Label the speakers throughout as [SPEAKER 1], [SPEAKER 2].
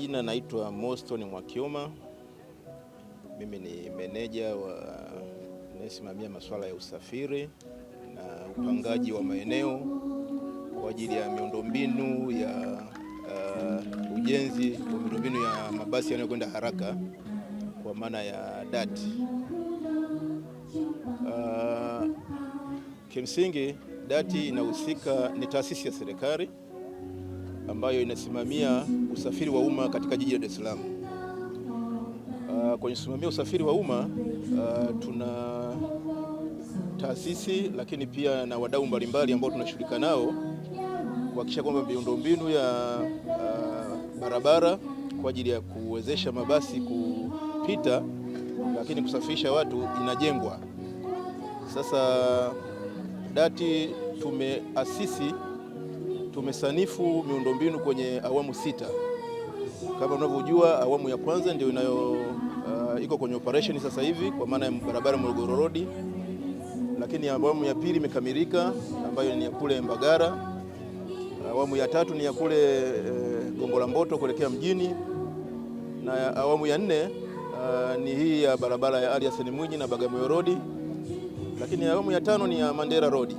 [SPEAKER 1] majina naitwa Moston Mwakiuma. Mimi ni meneja wa nayesimamia masuala ya usafiri na upangaji wa maeneo kwa ajili ya miundombinu ya uh, ujenzi wa miundombinu ya mabasi yanayokwenda haraka kwa maana ya DART. Uh, kimsingi DART inahusika, ni taasisi ya serikali ambayo inasimamia usafiri wa umma katika jiji la Dar es Salaam. Uh, kwenye kusimamia usafiri wa umma uh, tuna taasisi lakini pia na wadau mbalimbali ambao tunashirika nao kuhakikisha kwamba miundombinu ya uh, barabara kwa ajili ya kuwezesha mabasi kupita lakini kusafirisha watu inajengwa. Sasa dati tumeasisi tumesanifu miundombinu kwenye awamu sita. Kama unavyojua, awamu ya kwanza ndio inayo uh, iko kwenye operation sasa hivi kwa maana ya barabara Morogoro Road, lakini awamu ya pili imekamilika ambayo ni ya kule Mbagara. Awamu ya tatu ni ya kule uh, Gongo la Mboto kuelekea mjini, na awamu ya nne uh, ni hii ya barabara ya Ali Hassan Mwinyi na Bagamoyo Road, lakini awamu ya tano ni ya Mandela Road.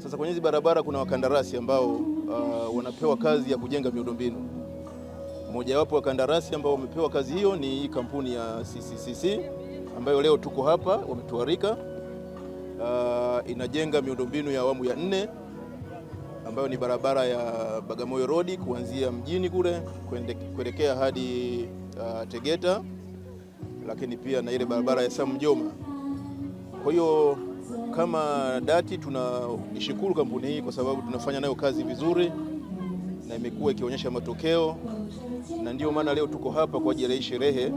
[SPEAKER 1] Sasa kwenye hizi barabara kuna wakandarasi ambao uh, wanapewa kazi ya kujenga miundombinu. Mojawapo wa wakandarasi ambao wamepewa kazi hiyo ni hii kampuni ya CCCC ambayo leo tuko hapa, wametuarika uh, inajenga miundombinu ya awamu ya nne ambayo ni barabara ya Bagamoyo Road kuanzia mjini kule kuelekea hadi uh, Tegeta, lakini pia na ile barabara ya Sam Mjoma. Kwa hiyo kama dati tunaishukuru kampuni hii kwa sababu tunafanya nayo kazi vizuri na imekuwa ikionyesha matokeo, na ndio maana leo tuko hapa kwa ajili ya sherehe,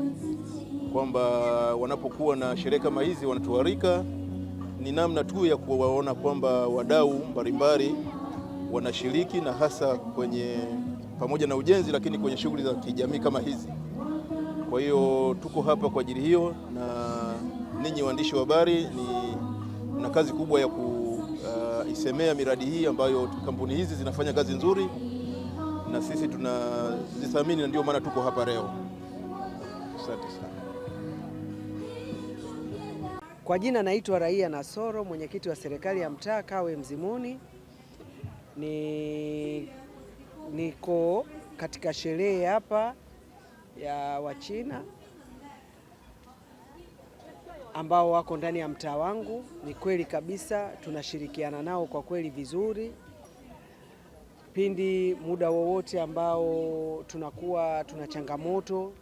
[SPEAKER 1] kwamba wanapokuwa na sherehe kama hizi wanatuarika, ni namna tu ya kuwaona kwamba wadau mbalimbali wanashiriki na hasa kwenye pamoja na ujenzi, lakini kwenye shughuli za kijamii kama hizi. Kwa hiyo tuko hapa kwa ajili hiyo, na ninyi waandishi wa habari ni kuna kazi kubwa ya kuisemea uh, miradi hii ambayo kampuni hizi zinafanya kazi nzuri na sisi tunazithamini na ndio maana tuko hapa leo. Asante sana.
[SPEAKER 2] Kwa jina naitwa Raia Nasoro, mwenyekiti wa serikali ya mtaa Kawe Mzimuni. Ni niko katika sherehe hapa ya Wachina ambao wako ndani ya mtaa wangu. Ni kweli kabisa tunashirikiana nao kwa kweli vizuri. Pindi muda wowote ambao tunakuwa tuna changamoto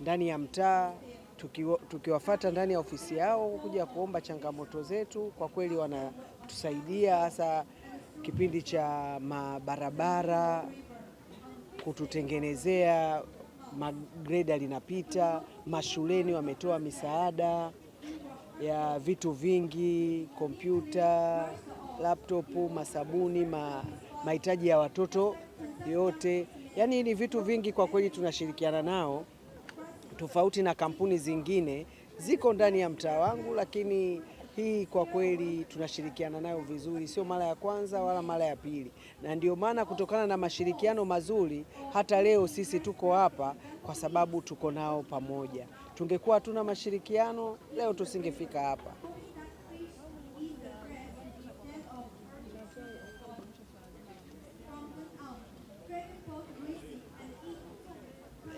[SPEAKER 2] ndani ya mtaa, tukiwafata ndani ya ofisi yao kuja kuomba changamoto zetu, kwa kweli wanatusaidia, hasa kipindi cha mabarabara kututengenezea magreda linapita, mashuleni wametoa misaada ya vitu vingi, kompyuta, laptop masabuni, ma, mahitaji ya watoto yote. Yaani ni vitu vingi kwa kweli tunashirikiana nao, tofauti na kampuni zingine ziko ndani ya mtaa wangu lakini hii kwa kweli tunashirikiana nayo vizuri, sio mara ya kwanza wala mara ya pili, na ndio maana kutokana na mashirikiano mazuri hata leo sisi tuko hapa kwa sababu tuko nao pamoja. Tungekuwa hatuna mashirikiano leo tusingefika hapa.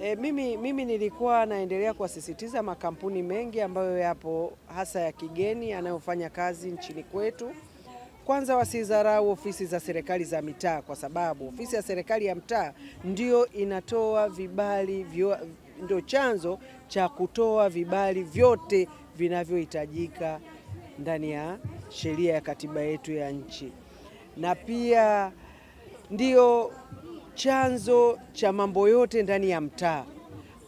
[SPEAKER 3] E, mimi, mimi nilikuwa naendelea kuwasisitiza makampuni mengi ambayo yapo hasa ya kigeni yanayofanya kazi nchini kwetu, kwanza wasidharau ofisi za serikali za mitaa, kwa sababu ofisi ya serikali ya mtaa ndio inatoa vibali vyo, ndio chanzo cha kutoa vibali vyote vinavyohitajika ndani ya sheria ya katiba yetu ya nchi na pia ndio chanzo cha mambo yote ndani ya mtaa.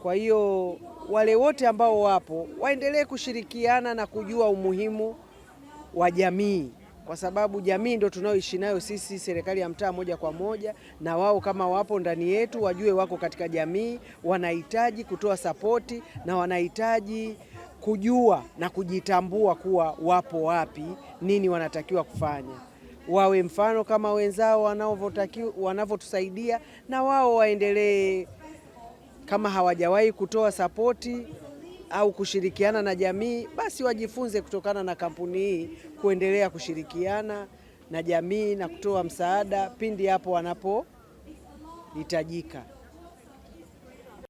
[SPEAKER 3] Kwa hiyo wale wote ambao wapo waendelee kushirikiana na kujua umuhimu wa jamii, kwa sababu jamii ndio tunayoishi nayo sisi, serikali ya mtaa moja kwa moja, na wao kama wapo ndani yetu wajue wako katika jamii, wanahitaji kutoa sapoti na wanahitaji kujua na kujitambua kuwa wapo wapi, nini wanatakiwa kufanya wawe mfano kama wenzao wanavyotusaidia na wao waendelee kama hawajawahi kutoa sapoti au kushirikiana na jamii, basi wajifunze kutokana na kampuni hii kuendelea kushirikiana na jamii na kutoa msaada pindi hapo wanapohitajika.